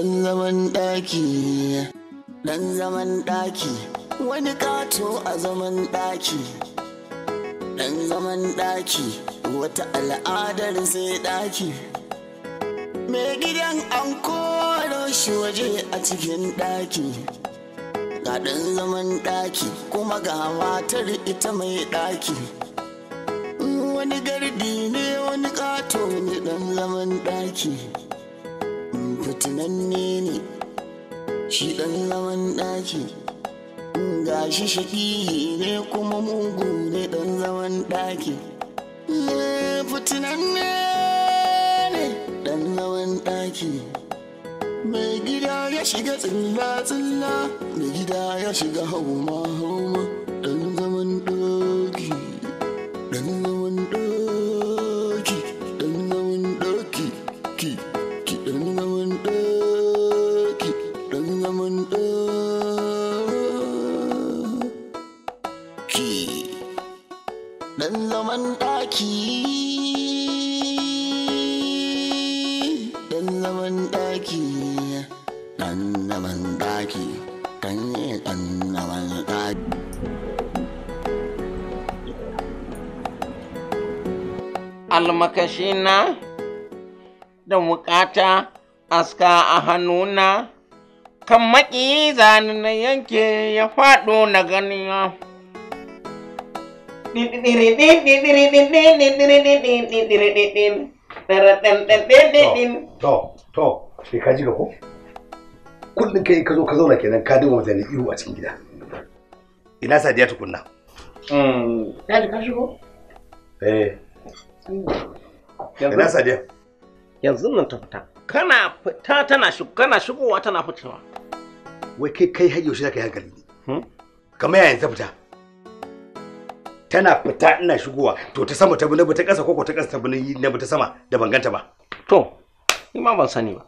dan zaman ɗaki dan zaman ɗaki wani ƙato a zaman ɗaki dan zaman ɗaki wata al'adar sai ɗaki mai gidan an koro shi waje a cikin ɗaki ga ɗan zaman ɗaki kuma ga matar ita mai ɗaki wani gardi ne wani ƙato ne ɗan zaman ɗaki Tunanne ne shi ɗan zaman ɗaki ga shi shaƙihi ne kuma mugu ne ɗan zaman ɗaki tunanne ne ɗan zaman ɗaki mai gida ya shiga tsilla-tsilla mai gida ya shiga hauma-hauma na da wukata aska a hannuna kan maki zane na yanke ya faɗo na ganiya To, to, shi ka ji ga ko? Kullum kai ka zo ka zauna kenan ka dinga mutane ihu a cikin gida. Ina sadiya tukunna. Ta hmm. ji ka shigo? Eh. Ina sadiya. Yanzu nan ta fita. Kana fita tana shigo kana shigowa tana fitowa. Wai kai kai har yaushe zaka yi hankali ne? Hmm? Kamar yayin ta fita. Tana fita ina shigowa to ta sama ta bi na ta ƙasa ko ta ƙasa ta bi na ta sama da ban ganta ba. To, ni ma ban sani ba.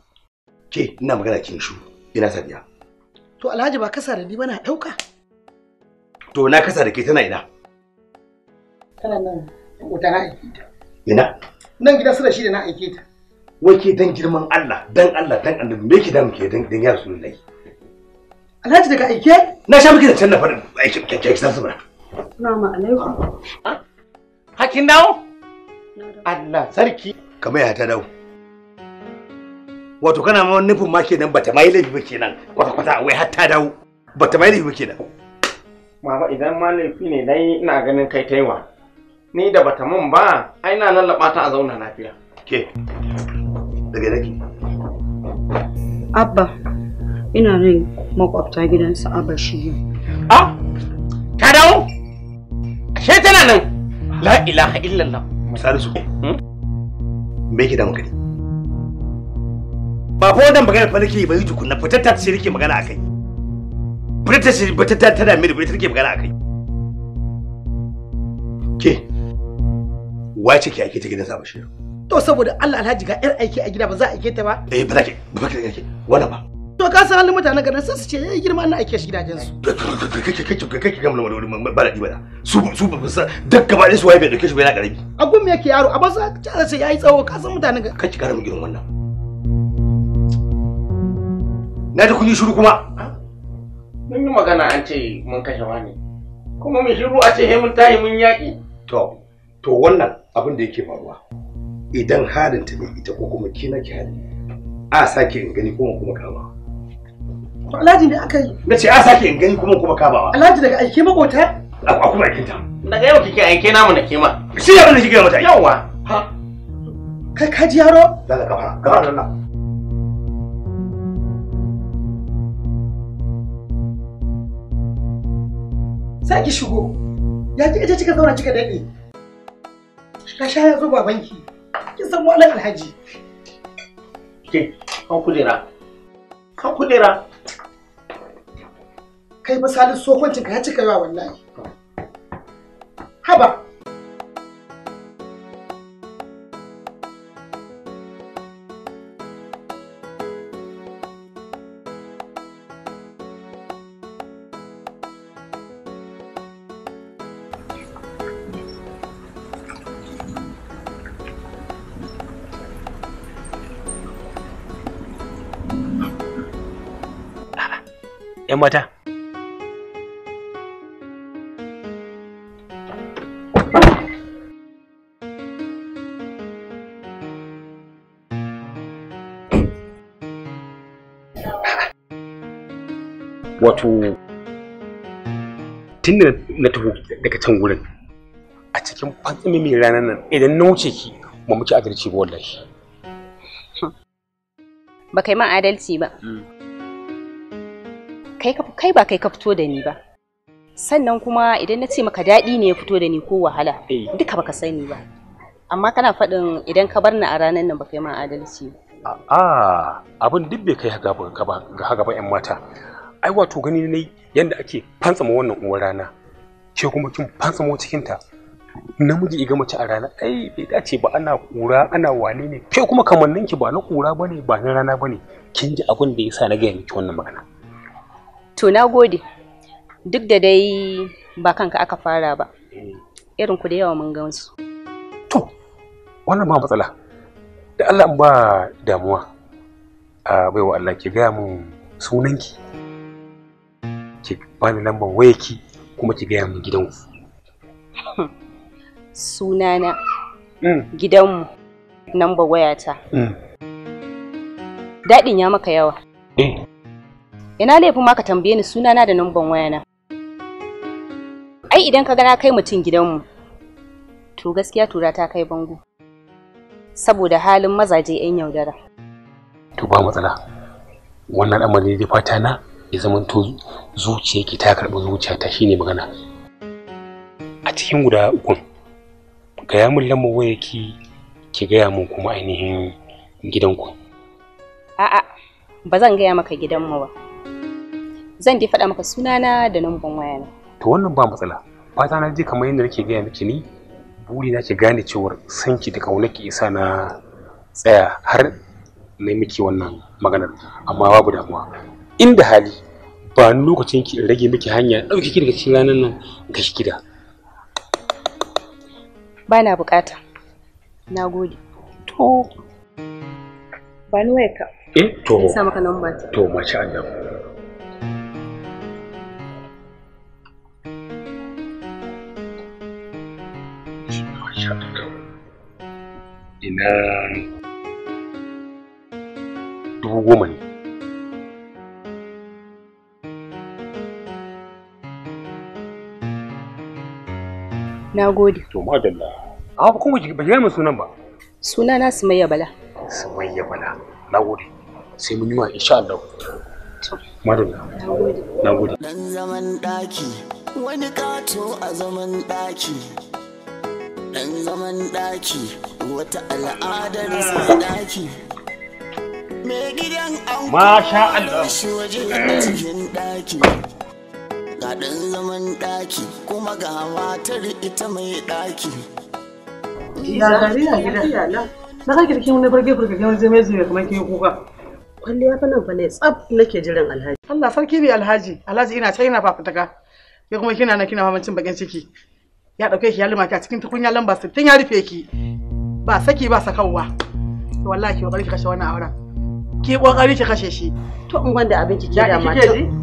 Ke ina magana kin shu ina sadiya. To Alhaji ba kasa da ni bana ɗauka. To na kasa da ke tana ina. Tana nan, wuta na ita. ina nan gida sura shi da na aike ta wai ke dan girman Allah dan Allah dan allah me yake da muke dan dan ya rasulullahi Alhaji daga aike na sha muke da can na faɗin aiki kyakkyawa san sura Assalamu alaikum Hakin dawo Allah sarki kamar ya ta dawo wato kana ma nufin ma kenan bata mai laifi ba kenan kwata kwata wai har ta dawo bata mai laifi ba kenan Mama idan ma laifi ne na ina ganin kai taiwa ni da bata mun ba ai na lallaba ta a zauna lafiya ke daga nake abba ina nan makwabta gidansa abba shi a ka dawo ashe tana nan la ilaha illallah misali su hmm? me ke da maka ba fa wannan magana fa ba yi tukunna fitatta ta shirke magana akai fitatta ta shirke fitar ta tana mini fitatta take magana akai ke wace ke ake ta gidan sa bashir to saboda Allah alhaji ga yar aiki a gida ba za a aike ta ba eh ba za ki ba ki aike wala ba to ka san halin mutanen garin sun su ce yayi eh, girma na aike shi gidajen su kake kake kake gamla wani wani baladi da su su ba san duk gaba da su waye bai dauke shi ba yana garabi a gum yake yaro a ba sa ta ce yayi tsawo ka san mutanen garin kake karamin irin wannan na ji kun yi shiru kuma ah, mun yi magana an ce mun kashe wani kuma mun shiru a ce he mun tahi mun yaki to to wannan abin da yake faruwa idan halin ta ne ita ko kuma ki nake hali a sake in gani kuma kuma kama to alhaji ne aka yi na ce a sake in gani kuma kuma kamawa alhaji daga aike makota a kuma ta. daga yau kike aike namu na kema shi abin da gaba ta. yawa ha kai ka ji yaro daga kafa kafa nan sai ki shigo ya ji ita kika zauna kika dade ka sha ya zo babanki kin san malam alhaji ke kan kudera kan kudera kai misalin sokwancin ka ya cika yawa wallahi haba 'yan mata wato tun da na taho daga can wurin a cikin fantsami mai ranar nan idan na wuce ki ba muke adalci ba wallahi ba kai ma adalci ba hmm. kai ba kai ka fito da ni ba sannan kuma idan na ce maka daɗi ne ya fito da ni ko wahala eh. duka baka sani ba amma kana faɗin idan ka bar ni a ranar nan ba kai ma adalci a'a abin duk bai kai haka ba 'yan mata ai wato gani ne yadda ake fantsama wannan uwar rana ke kuma kin ta cikinta namiji iga mace a rana ai bai dace ba ana kura ana wane ne ke kuma kamannin ki ba na kura bane ba na rana bane kin ji abin da yasa na gaya miki wannan magana to na gode duk da dai ba kanka aka fara ba irin ku da yawa mun gansu to wannan ba matsala da Allah ba damuwa a baiwa Allah ki gaya mun sunanki ki bani lambar ki, kuma ki gaya mun gidanku sunana mm. gidanmu lambar wayata mm. daɗin ya maka yawa eh Ina laifin ma ka tambaye ni na da numban wayana. Ai idan ka gana kai mutum gidanmu, to gaskiya tura ta kai bango. Saboda halin mazaje 'yan yaudara. To ba matsala, wannan amalin da fata na ya zamanto zuciyarki ta karɓi zuciyata shine magana. A cikin guda ukun, gaya min lamma ki gaya min kuma ainihin gidanku. A'a, ba zan gaya maka gidanmu ba. zan dai faɗa maka sunana da namban wayana to wannan ba matsala fata na ji kamar yadda nake gaya miki ni buri na ki gane cewar sanki da ke isa na tsaya har na miki wannan maganar amma babu damuwa inda hali ba lokacin ki rage miki hanya ɗauki ki daga cikin ranar nan ga shi gida ba na bukata na gode to ba ni waya ka eh to sa maka namba to masha Allah ina dubu goma ne na gode to madalla a haka kuma ba gaya min sunan ba suna na sumayya bala sumayya bala na gode sai mun yi wa insha Allah madalla na gode dan zaman daki wani kato a zaman daki dan zaman daki wata al'adar ah. sa daki me gidan an masha Allah eh. cikin daki ga dan zaman daki kuma ga matar ita mai daki ya gari ya gida na ka girki wani farke farke kan zai mai zai kamar ke kuka kwalli ya fana nan fa ne tsaf nake jiran alhaji Allah sarki bi alhaji alhaji ina sai ina fafutaka ke kuma kina na kina mamancin bakin ciki ya dauke shi ya lima ki a cikin tukunya lamba 60 ya rufe ki ba saki ba sakawa to wallahi ki kokari ki kashe wannan auren ki kokari ki kashe shi to in gwanda abin ki da ma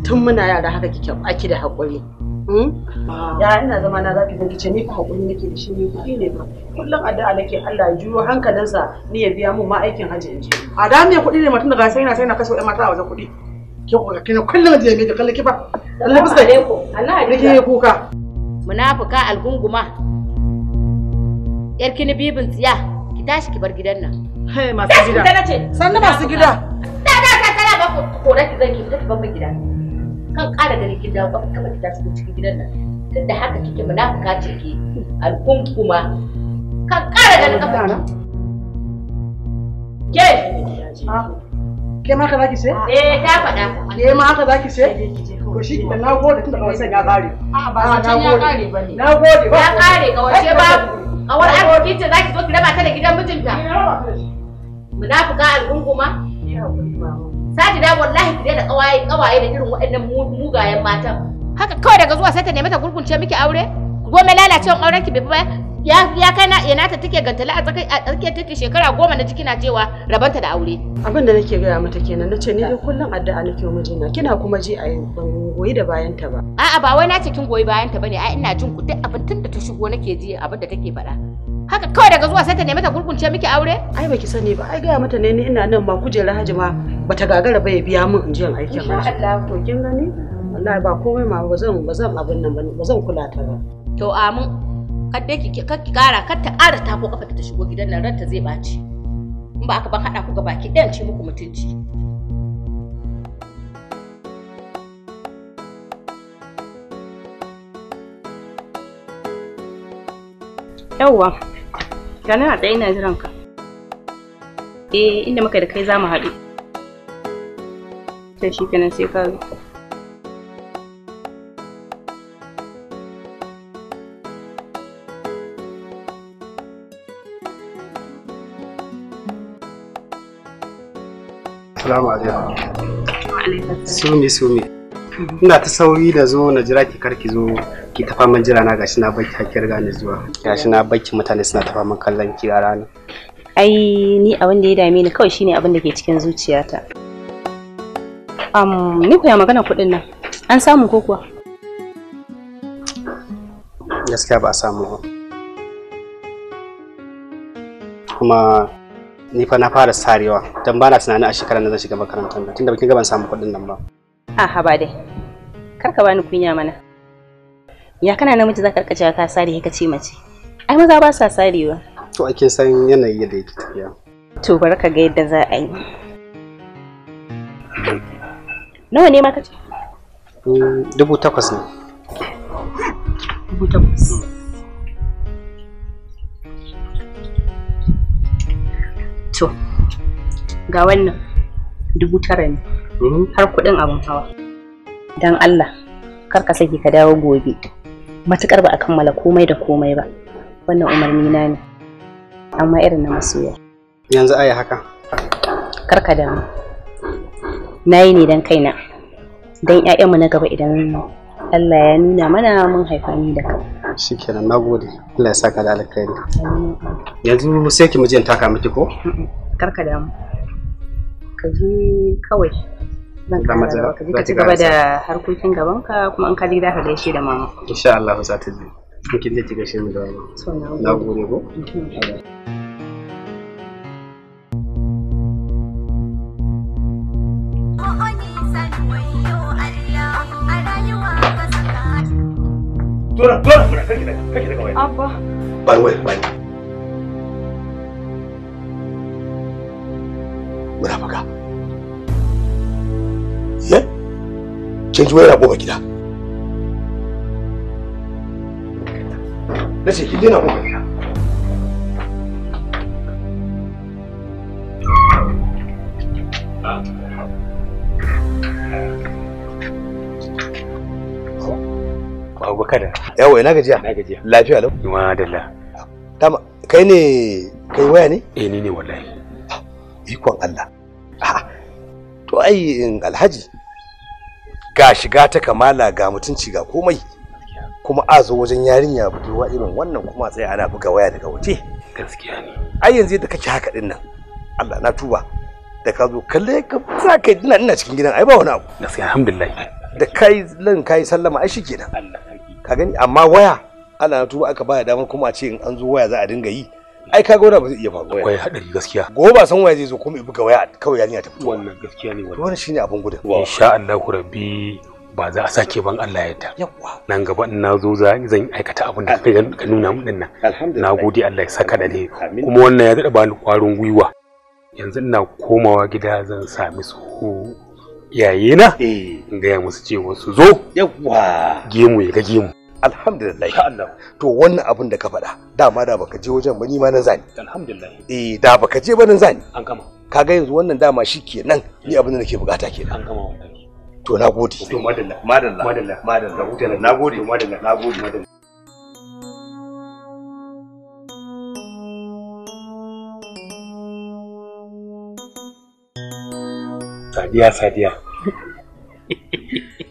tun muna yara haka kike aki da hakuri hmm? ah. ya ina zama na zaki zan kice ni fa hakuri nake da shi ne kudi ne ba kullum addu'a nake Allah ya juyo hankalinsa ni ya biya mu ma aikin haji inji a da me kudi ne mutum daga sai na sai na kashe mata a wajen kudi ki kokari kullum je me da kallaki ba Allah fuska ne ko Allah ya kuka munafuka algunguma yar kini bibin tsiya ki tashi ki bar gidan nan hey masu gida sannu masu gida da da ka tara ba ku ko da ki zan ki tafi ban gidan kan ƙara gani ki da ba ka ba ki tashi cikin gidan nan da haka kike munafuka ce ki algunguma kan ƙara gani fara ke ha ah. ke ma haka zaki sai eh ta faɗa ke ma haka zaki sai ko shi kenan na gode tunda kawai sai ya kare a ba na gode na gode ba ya kare waje ba kawar arziki ce zaki zo ki raba ta da gidan mijinta al'unguma algunguma da wallahi ki da kawaye kawaye da irin waɗannan mugayen matan haka kawai daga zuwa sai ta nemi ta gurgunce miki aure gome lalacewan auren ki bai ba. ya ya kana na ina ta take gantala a tsakai a tsakiyar take shekara goma na ciki na cewa rabanta da aure abin da nake gaya mata kenan nace ni dai kullun addu'a nake wa mijina kina kuma ji a ban goyi da bayan ta ba a'a ba wai na kin goyi bayan ta bane ai ina jin ku duk abin tun da ta shigo nake ji abin da take faɗa haka kawai daga zuwa sai ta nemi ta gurgunce miki aure ai baki sani ba ai gaya mata ne ni ina nan ba kujerar hajima bata gagara ba ya biya min in je in aikin ba Allah to kin gani wallahi ba komai ma ba zan ba zan abin nan ba zan kula ta ba to amin kadda ki ki kara kar ta kara ta ko ta shigo gidan nan ranta zai baci in ba aka ban hada ku gaba ki dan ce muku mutunci yawwa gani a tsaye ina jiran ka eh inda muka da kai za mu haɗu to shi kenan sai ka zo Assalamu alaikum. Sumi sumi. Ina ta sauri da zo na jira ki karki zo ki tafa min jira na gashi na baki hakki riga ni zuwa. Gashi na baki mutane suna tafa min kallon ki a rana. Ai ni abin da ya dame ni kawai shine abin da ke cikin zuciyata. Um, ni koya magana kuɗin nan. An samu ko kuwa? Gaskiya ba a samu Kuma ni fa na fara sarewa don ba na tunanin a shekarar da zan shiga makarantar nan tunda kin ga ban samu kuɗin nan ba a haba dai kar ka bani kunya mana ya kana namiji zaka cewa ka sare ka ce mace ai maza ba sa sarewa to a san yanayi yadda yake tafiya to ka ga yadda za a yi nawa ne ma kace mm, dubu takwas ne dubu takwas to ga wannan dubu tara ne mhm. har kuɗin abin hawa don Allah kar ka sake ka dawo gobe matukar ba a kammala komai da komai ba wannan umarni na ne amma irin na masoya yanzu ai haka kar ka damu na yi ne don kaina don 'ya'yanmu na gaba idan Allah ya nuna mana mun haifa ni da kai shikenan nagode Allah ya saka da alkhairi yanzu sai ki mujin taka miki ko karka da mu ka ji kawai zan kama da ka ji ka ci gaba da harkokin gaban ka kuma an ka ji za da shi da mama insha Allah za ta ji kin je ki shi mu da mama nagode ko mm-hmm. Dora, Dora, Dora, kake da kawai. Abba. Bani wai, bani. Munafika. Ye? Canji wai rabo gida. Nace ki dena kada yawo ina gajiya ina gajiya lafiya lau ma dalla tama kai ne kai waya ne eh ni ne wallahi ikon Allah to ai alhaji ga shiga ta kamala ga mutunci ga komai kuma a zo wajen yarinya budurwa irin wannan kuma sai ana buga waya daga waje gaskiya ne ai yanzu da kake haka din nan Allah na tuba da ka zo kalle ka za ka ina cikin gidan ai ba wani abu gaskiya alhamdulillah da kai lan kai sallama ai shikenan Allah ka gani amma waya ana na tuba aka baya damar kuma a ce in an zo waya za a dinga yi ai ka wannan ba zai iya faruwa akwai haɗari gaskiya gobe ba san waya zai zo kuma ibi buga waya kawai yarinya ta fito wannan gaskiya ne wannan wannan shine abin gudun insha Allah rabbi ba za a sake ban Allah ya ta nan gaba in na zo za zan aikata abin da ka nuna min dinnan na gode Allah ya saka da ne kuma wannan ya daɗa bani kwarin gwiwa yanzu ina komawa gida zan sami su iyayena eh. in gaya musu cewa su zo gemu ya ga gemu alhamdulillah to wannan abin da ka faɗa dama da baka je wajen ba ni ma nan zani alhamdulillah eh da baka je ba nan zani an gama kaga yanzu wannan dama shi kenan ni abin da nake bukata kenan an gama wannan to nagode to madalla madalla madalla madalla hutun nagode madalla nagode madalla Sadiya, sadiya.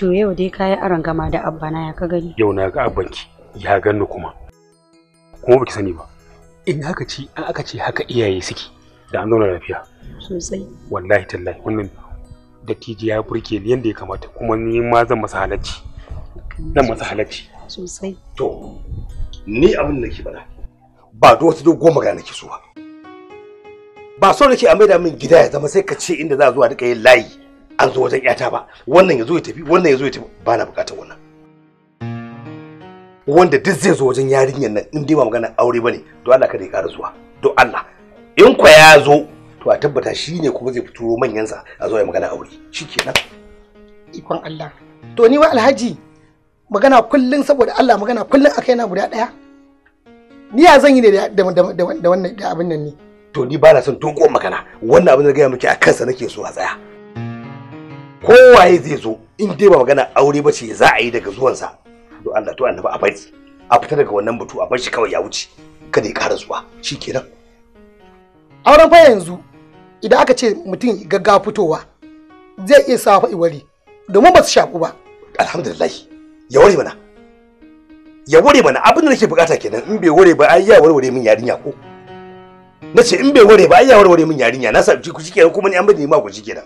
To yau dai kayi aron gama da abba na ya ka gani. Yau na ga ki. ya ganni kuma. Kuma baki sani ba. In haka ci an aka ce haka iyaye suke da an zauna lafiya. Sosai. Wallahi tallahi wannan tiji ya burke ni yadda ya kamata kuma ni ma zan masa halacci. Zan masa halacci. Sosai. To ni abin da nake bada ba da wata dogo magana nake so ba. Ba so nake a maida min gida ya zama sai ka ce inda za a zuwa duka yin layi. an zo wajen yata ba wannan ya zo ya tafi wannan ya zo ya tafi ba na bukatar wannan wanda duk zai zo wajen yarinyar nan in dai ba magana aure bane to Allah kada ya kara zuwa to Allah in kwa ya zo to a tabbata shi ne kuma zai fito manyansa a zo ya magana aure shikenan ikon Allah to ni wa alhaji magana kullun saboda Allah magana kullun akai na guda daya ni ya zan yi da da wannan da abin nan ne to ni ba na son toko magana wannan abin da ga miki a kansa nake so a tsaya kowaye zai zo in dai ba magana aure ba ce za a yi daga zuwansa to Allah to annabi a bari a fita daga wannan batu a bar shi kawai ya wuce kada ya ƙara zuwa shikenan auren fa yanzu idan aka ce mutum gaggawa fitowa zai iya sa fa'i wari domin ba su shaku ba alhamdulillah ya ware mana ya ware mana abin da nake bukata kenan in bai ware ba ai ya warware min yarinya ko na ce in bai ware ba ai ya warware min yarinya na sa ku shikenan kuma ni an bada ni ma ku shikenan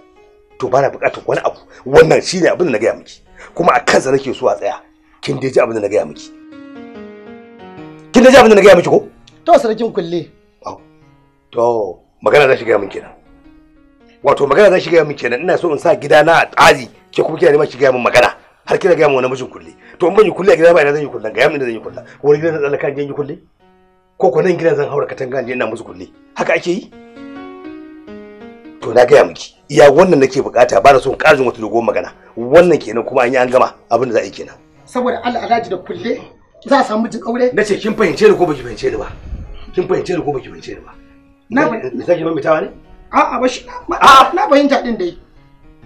to bana bukatar wani abu wannan shine abin da na gaya miki kuma a kansa nake so a tsaya kin dai ji abin da na gaya miki kin dai ji abin da na gaya miki ko to sarkin kulle to magana za shi gaya miki wato magana za shi gaya miki kenan ina so in sa gida na a tsari ke kuma kina neman shi gaya min magana har kina gaya min wani mijin kulle to in ban yi kulle a gida ba ina zan yi kulle gaya min da zan yi kulle wani gidan na tsallaka in yi kulle ko ko nan gidan zan haura katanga in je ina musu kulle haka ake yi to na gaya miki iya wannan nake bukata ba da son karin wata dogon magana wannan kenan kuma an yi an gama abin da za a yi kenan saboda al'adaji da kulle za a samu jin aure na ce kin fahimce ni ko baki fahimce ni ba kin fahimce ni ko baki fahimce ni ba na fahimta zaki mai mitawa ne a ba shi na fahimta din dai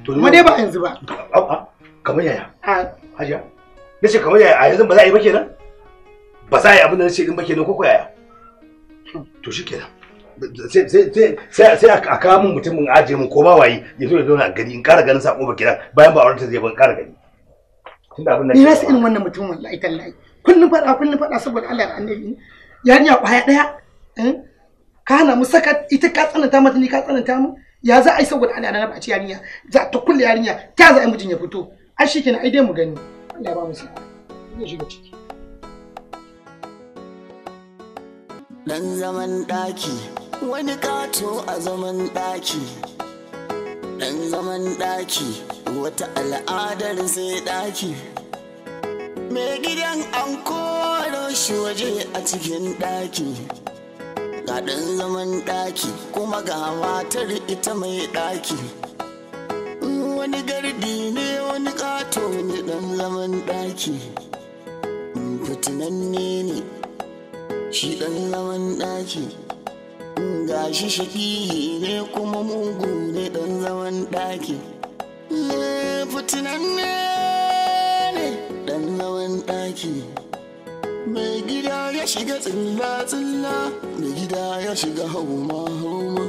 to ma dai ba yanzu ba a'a kamar yaya a haja na ce kamar yaya a yanzu ba za a yi ba kenan ba za a yi abin da na ce din ba kenan ko ko yaya to shikenan sai a kawo mutumin aje min ko ba a gani in ganin sako ba kira bayan ba aurenta zai ban gani tunda ni irin da annabi yarinya eh? ka hana mu saka ita ka tsananta mata ni ka tsananta mu ya za a yi saboda Allah yarinya za ta kulle yarinya ta za a yi ya fito ai shikenan ai dai mu gani Allah ba mu sa'a dan zaman daki wani kato a zaman ɗaki ɗan zaman ɗaki wata al'adar sai ɗaki mai gidan an koro shi waje a cikin ɗaki ga ɗan zaman ɗaki kuma ga matar ita mai ɗaki mm, wani gardi ne wani kato ne ɗan zaman ɗaki mm, fitinanne ne shi ɗan zaman ɗaki gashi shaƙihi ne kuma mugu ne ɗan zaman ɗaki fitinan ne ne ɗan zaman ɗaki mai gida ya shiga tsilla-tsilla mai gida ya shiga hauma-hauma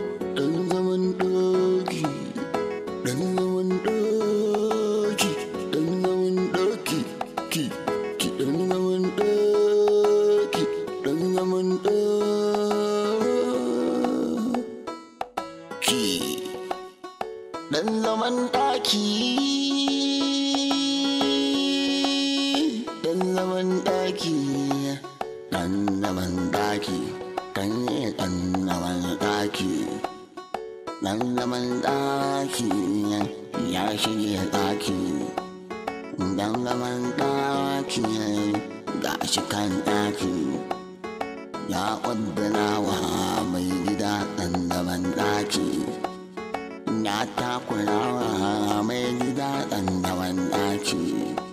daki dan da ban daki kan yi dan da ban daki dan da ban daki ya shige daki dan da ban daki ga shi kan daki ya ƙuddura wa mai gida dan da ban daki ya takura wa mai gida dan da ban daki